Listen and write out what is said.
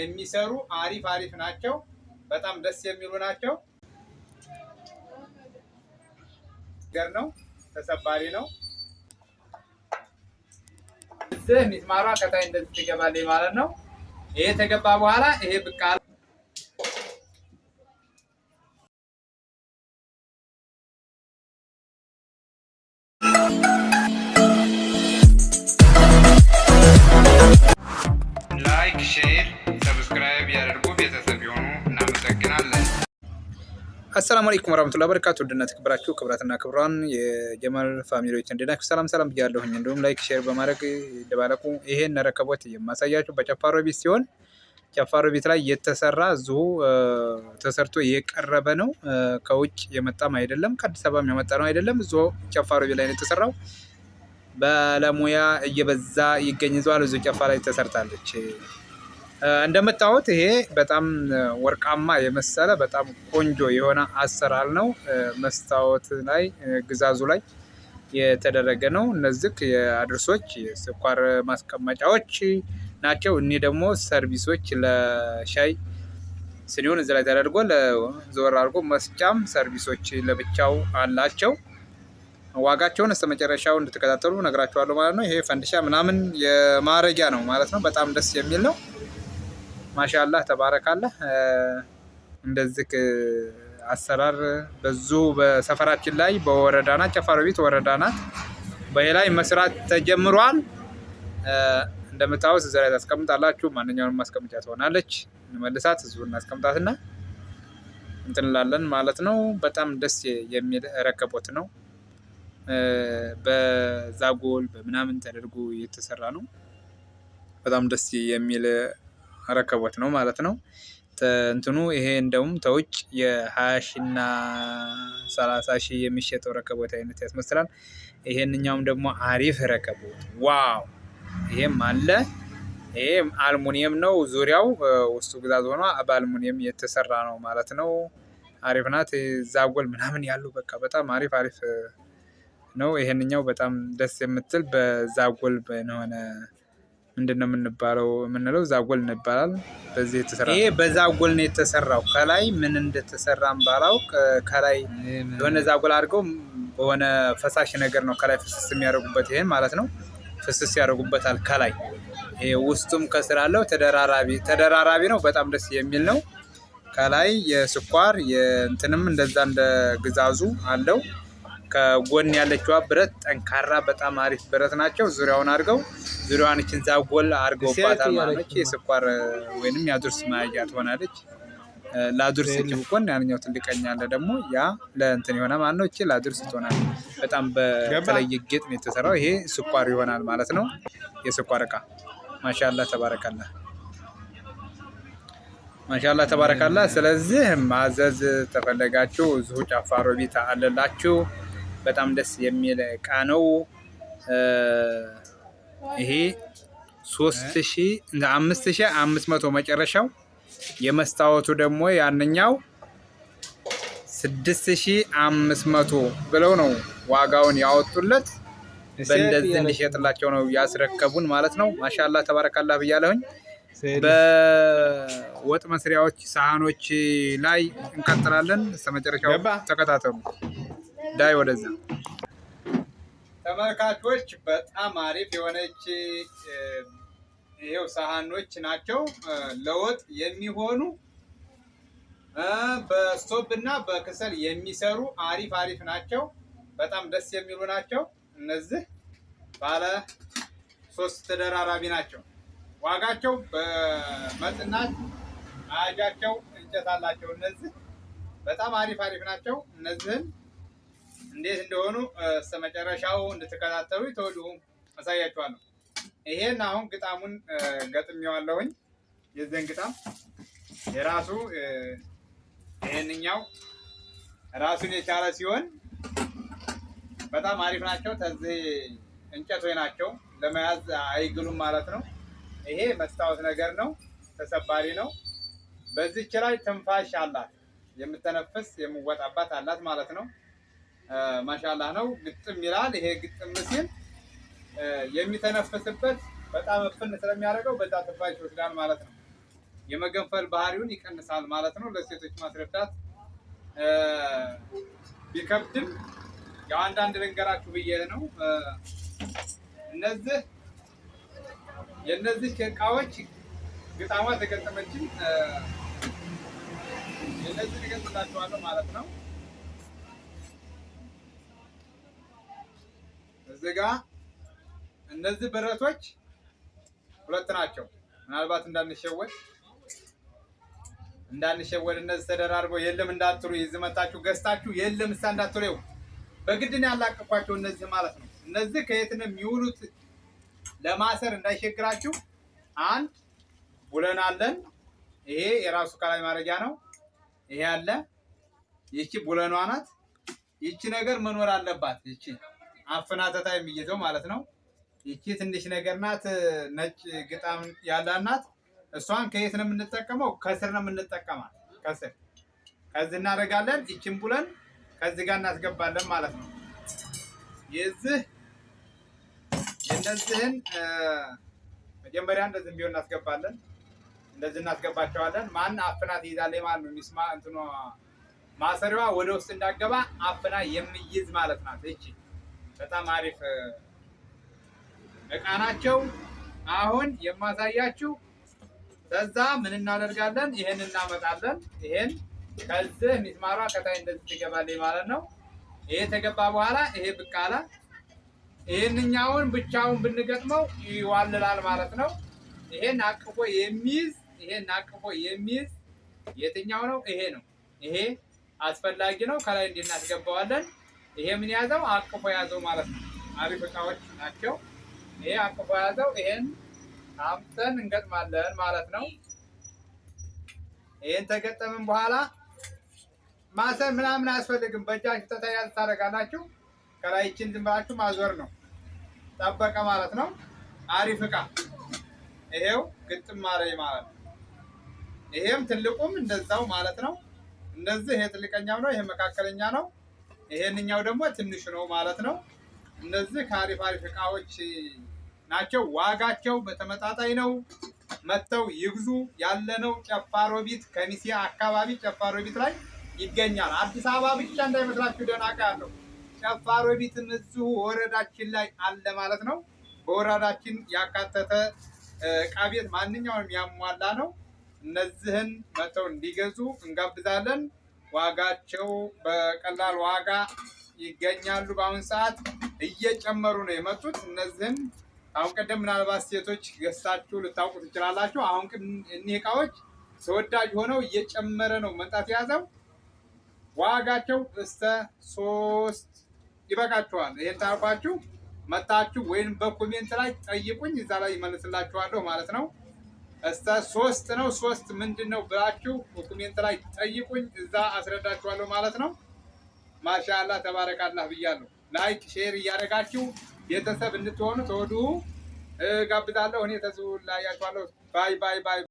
የሚሰሩ አሪፍ አሪፍ ናቸው። በጣም ደስ የሚሉ ናቸው። ገር ነው ተሰባሪ ነው። እዚህ ሚስማሯ ከታይ እንደዚህ ትገባለች ማለት ነው። ይሄ ተገባ በኋላ ይሄ ብቃ ላይክ ሼር አሰላሙ አለይኩም ወራህመቱላሂ ወበረካቱ። ውድና ተከብራችሁ ክብራትና ክብሯን የጀማል ፋሚሊዎች እንድናችሁ ሰላም ሰላም ብያለሁኝ። እንዲሁም ላይክ ሼር በማድረግ ደባለቁ። ይሄን ነረከቦት የማሳያችሁ በጨፋሮ ቤት ሲሆን ጨፋሮ ቤት ላይ የተሰራ እዚሁ ተሰርቶ የቀረበ ነው። ከውጭ የመጣም አይደለም፣ ከአዲስ አበባም የመጣ ነው አይደለም። እዚሁ ጨፋሮ ቤት ላይ ነው የተሰራው። በለሙያ እየበዛ ይገኝ ዘዋል። እዚሁ ጨፋ ላይ ተሰርታለች። እንደምታዩት ይሄ በጣም ወርቃማ የመሰለ በጣም ቆንጆ የሆነ አሰራር ነው። መስታወት ላይ ግዛዙ ላይ የተደረገ ነው። እነዚህ የአድርሶች የስኳር ማስቀመጫዎች ናቸው። እኒህ ደግሞ ሰርቪሶች ለሻይ ስኒውን እዚ ላይ ተደርጎ ዞር አድርጎ መስጫም ሰርቪሶች ለብቻው አላቸው። ዋጋቸውን እስከ መጨረሻው እንድትከታተሉ ነግራችኋለሁ ማለት ነው። ይሄ ፈንዲሻ ምናምን የማረጃ ነው ማለት ነው። በጣም ደስ የሚል ነው። ማሻላህ ተባረካለህ። እንደዚህ አሰራር በዙ በሰፈራችን ላይ በወረዳ ናት፣ ጨፋሮ ቤት ወረዳ ናት። በላይ መስራት ተጀምሯል። እንደምታወስ እዛ ላይ ታስቀምጣላችሁ። ማንኛውንም ማስቀምጫ ትሆናለች። እንመልሳት እዚሁ እናስቀምጣትና እንትን ማለት ነው። በጣም ደስ የሚል ረከቦት ነው። በዛጎል በምናምን ተደርጎ የተሰራ ነው። በጣም ደስ የሚል ረከቦት ነው ማለት ነው። እንትኑ ይሄ እንደውም ተውጭ የሀያ ሰላሳ ሺህ የሚሸጠው ረከቦት አይነት ያስመስላል። ይሄንኛውም ደግሞ አሪፍ ረከቦት ዋው! ይሄም አለ። ይሄ አልሙኒየም ነው ዙሪያው ውስጡ ግዛዝ ሆኗ በአልሙኒየም የተሰራ ነው ማለት ነው። አሪፍ ናት። ዛጎል ምናምን ያሉ በቃ በጣም አሪፍ አሪፍ ነው። ይሄንኛው በጣም ደስ የምትል በዛጎል ሆነ ምንድነው የምንባለው የምንለው ዛጎል እንባላል። በዚህ የተሰራ ይሄ በዛጎል ነው የተሰራው። ከላይ ምን እንደተሰራም ባላውቅ ከላይ የሆነ ዛጎል አድርገው በሆነ ፈሳሽ ነገር ነው ከላይ ፍስስ የሚያደርጉበት ይሄን ማለት ነው። ፍስስ ያደርጉበታል ከላይ ይሄ ውስጡም ከስር አለው። ተደራራቢ ተደራራቢ ነው። በጣም ደስ የሚል ነው። ከላይ የስኳር የእንትንም እንደዛ እንደ ግዛዙ አለው። ከጎን ያለችዋ ብረት ጠንካራ በጣም አሪፍ ብረት ናቸው። ዙሪያውን አድርገው ዙሪያዋን እችን ዛጎል አድርገውባታል ማለት ነው። የስኳር ወይንም የአዱርስ መያዣ ትሆናለች። ላዱርስ እጅ ጎን ያንኛው ትልቀኛ አለ ደግሞ ያ ለእንትን የሆነ ማለት ነው። እቺ ላዱርስ ትሆናል። በጣም በተለየ ጌጥ ነው የተሰራው። ይሄ ስኳር ይሆናል ማለት ነው። የስኳር እቃ ማሻላ ተባረካላ፣ ማሻላ ተባረካላ። ስለዚህ ማዘዝ ተፈለጋችሁ እዚሁ ጫፋ ሮቢት አለላችሁ። በጣም ደስ የሚል እቃ ነው። ይሄ ሶስት ሺ አምስት ሺ አምስት መቶ መጨረሻው። የመስታወቱ ደግሞ ያንኛው ስድስት ሺ አምስት መቶ ብለው ነው ዋጋውን ያወጡለት። በእንደዚህ እንዲሸጥላቸው ነው ያስረከቡን ማለት ነው። ማሻላ ተባረካላ ብያለሁኝ። በወጥ መስሪያዎች፣ ሳህኖች ላይ እንቀጥላለን። እስከ መጨረሻው ተከታተሉ። ዳይ ወደዛ ተመልካቾች በጣም አሪፍ የሆነች ይሄው ሳህኖች ናቸው ለወጥ የሚሆኑ በስቶብ እና በክሰል የሚሰሩ አሪፍ አሪፍ ናቸው። በጣም ደስ የሚሉ ናቸው። እነዚህ ባለ ሶስት ተደራራቢ ናቸው። ዋጋቸው በመጥናት አያጃቸው እንጨት አላቸው። እነዚህ በጣም አሪፍ አሪፍ ናቸው። እነዚህን እንዴት እንደሆኑ መጨረሻው እንድትከታተሉ ተወዲሁ አሳያችኋለሁ። ይሄን አሁን ግጣሙን ገጥሜዋለሁኝ። የዘን ግጣም የራሱ ይህንኛው ራሱን የቻለ ሲሆን በጣም አሪፍ ናቸው። ተዚህ እንጨቶች ናቸው፣ ለመያዝ አይግሉም ማለት ነው። ይሄ መስታወት ነገር ነው፣ ተሰባሪ ነው። በዚች ላይ ትንፋሽ አላት፣ የምተነፍስ የምወጣባት አላት ማለት ነው። ማሻላ ነው። ግጥም ይላል። ይሄ ግጥም ሲል የሚተነፍስበት በጣም እፍን ስለሚያደርገው በዛ ትባይ ይወስዳል ማለት ነው። የመገንፈል ባህሪውን ይቀንሳል ማለት ነው። ለሴቶች ማስረዳት ቢከብድም ያው አንዳንድ ልንገራችሁ ብዬ ነው። እነዚህ የእነዚህ እቃዎች ግጣሟ ተገጠመችን የእነዚህ ልገጥላችኋለሁ ማለት ነው። እዚህ ጋ እነዚህ ብረቶች ሁለት ናቸው። ምናልባት እንዳንሸወድ እንዳንሸወድ እነዚህ ተደራርበው የለም እንዳትሉ፣ ይዝ መታችሁ ገዝታችሁ የለም እሳ እንዳትሉ፣ በግድን ያላቀኳቸው እነዚህ ማለት ነው። እነዚህ ከየት ነው የሚውሉት? ለማሰር እንዳይሸግራችሁ አንድ ቡለን አለን። ይሄ የራሱ ከላይ ማረጃ ነው። ይሄ አለ። ይቺ ቡለኗ ናት። ይቺ ነገር መኖር አለባት። ይቺ አፍናተታ የሚይዘው ማለት ነው። ይቺ ትንሽ ነገር ናት፣ ነጭ ግጣም ያላት ናት። እሷን ከየት ነው የምንጠቀመው? ከስር ነው የምንጠቀማት። ከስር ከዚህ እናደርጋለን። ይችን ቡለን ከዚህ ጋር እናስገባለን ማለት ነው። የዚህ የእነዚህን መጀመሪያ እንደዚህ ቢሆን እናስገባለን። እንደዚህ እናስገባቸዋለን። ማን አፍና ትይዛለች ማለት ነው። ሚስማ እንትኖ ማሰሪዋ ወደ ውስጥ እንዳገባ አፍና የሚይዝ ማለት ናት ይቺ በጣም አሪፍ እቃ ናቸው። አሁን የማሳያችሁ በዛ ምን እናደርጋለን? ይሄን እናመጣለን። ይሄን ከዚህ ሚስማሯ ከታይ እንደዚህ ትገባለች ማለት ነው። ይሄ ተገባ በኋላ ይሄ ብቅ አለ። ይሄንኛውን ብቻውን ብንገጥመው ይዋልላል ማለት ነው። ይሄን አቅፎ የሚይዝ ይሄን አቅፎ የሚይዝ የትኛው ነው? ይሄ ነው። ይሄ አስፈላጊ ነው። ከላይ እንዲህ እናስገባዋለን። ይሄ ምን ያዘው አቅፎ ያዘው ማለት ነው። አሪፍ እቃዎች ናቸው። ይሄ አቅፎ ያዘው። ይሄን አምጠን እንገጥማለን ማለት ነው። ይሄን ተገጠምን በኋላ ማሰር ምናምን አያስፈልግም። በእጃችሁ ተተያዝ ታደርጋላችሁ። ከላይችን ዝም ብላችሁ ማዞር ነው። ጠበቀ ማለት ነው። አሪፍ እቃ ይሄው ግጥም ማረኝ ማለት ነው። ይሄም ትልቁም እንደዛው ማለት ነው። እንደዚህ ይሄ ትልቀኛው ነው፣ ይሄ መካከለኛ ነው። ይሄንኛው ደግሞ ትንሹ ነው ማለት ነው። እነዚህ ከአሪፍ አሪፍ እቃዎች ናቸው። ዋጋቸው በተመጣጣኝ ነው። መጥተው ይግዙ። ያለነው ጨፋሮቢት ከሚሴ አካባቢ ጨፋሮቢት ላይ ይገኛል። አዲስ አበባ ብቻ እንዳይመስላችሁ ደናቃ ያለው ጨፋሮቢትም እዚሁ ወረዳችን ላይ አለ ማለት ነው። በወረዳችን ያካተተ እቃ ቤት ማንኛውንም ያሟላ ነው። እነዚህን መጥተው እንዲገዙ እንጋብዛለን። ዋጋቸው በቀላል ዋጋ ይገኛሉ። በአሁን ሰዓት እየጨመሩ ነው የመጡት። እነዚህን አሁን ቀደም ምናልባት ሴቶች ገሳችሁ ልታውቁ ትችላላችሁ። አሁን እኒህ እቃዎች ተወዳጅ ሆነው እየጨመረ ነው መምጣት የያዘው። ዋጋቸው እስከ ሶስት ይበቃችኋል። ይህን ታርፋችሁ መታችሁ ወይም በኮሜንት ላይ ጠይቁኝ፣ እዛ ላይ ይመልስላችኋለሁ ማለት ነው። እስታ ሶስት ነው። ሶስት ምንድን ነው ብላችሁ ኮሜንት ላይ ጠይቁኝ፣ እዛ አስረዳችኋለሁ ማለት ነው። ማሻላ ተባረካላህ ብያለሁ። ላይክ ሼር እያደረጋችሁ ቤተሰብ እንድትሆኑ ተወዱ ጋብዛለሁ። እኔ ተዙ ላያችኋለሁ ባይ ባይ ባይ።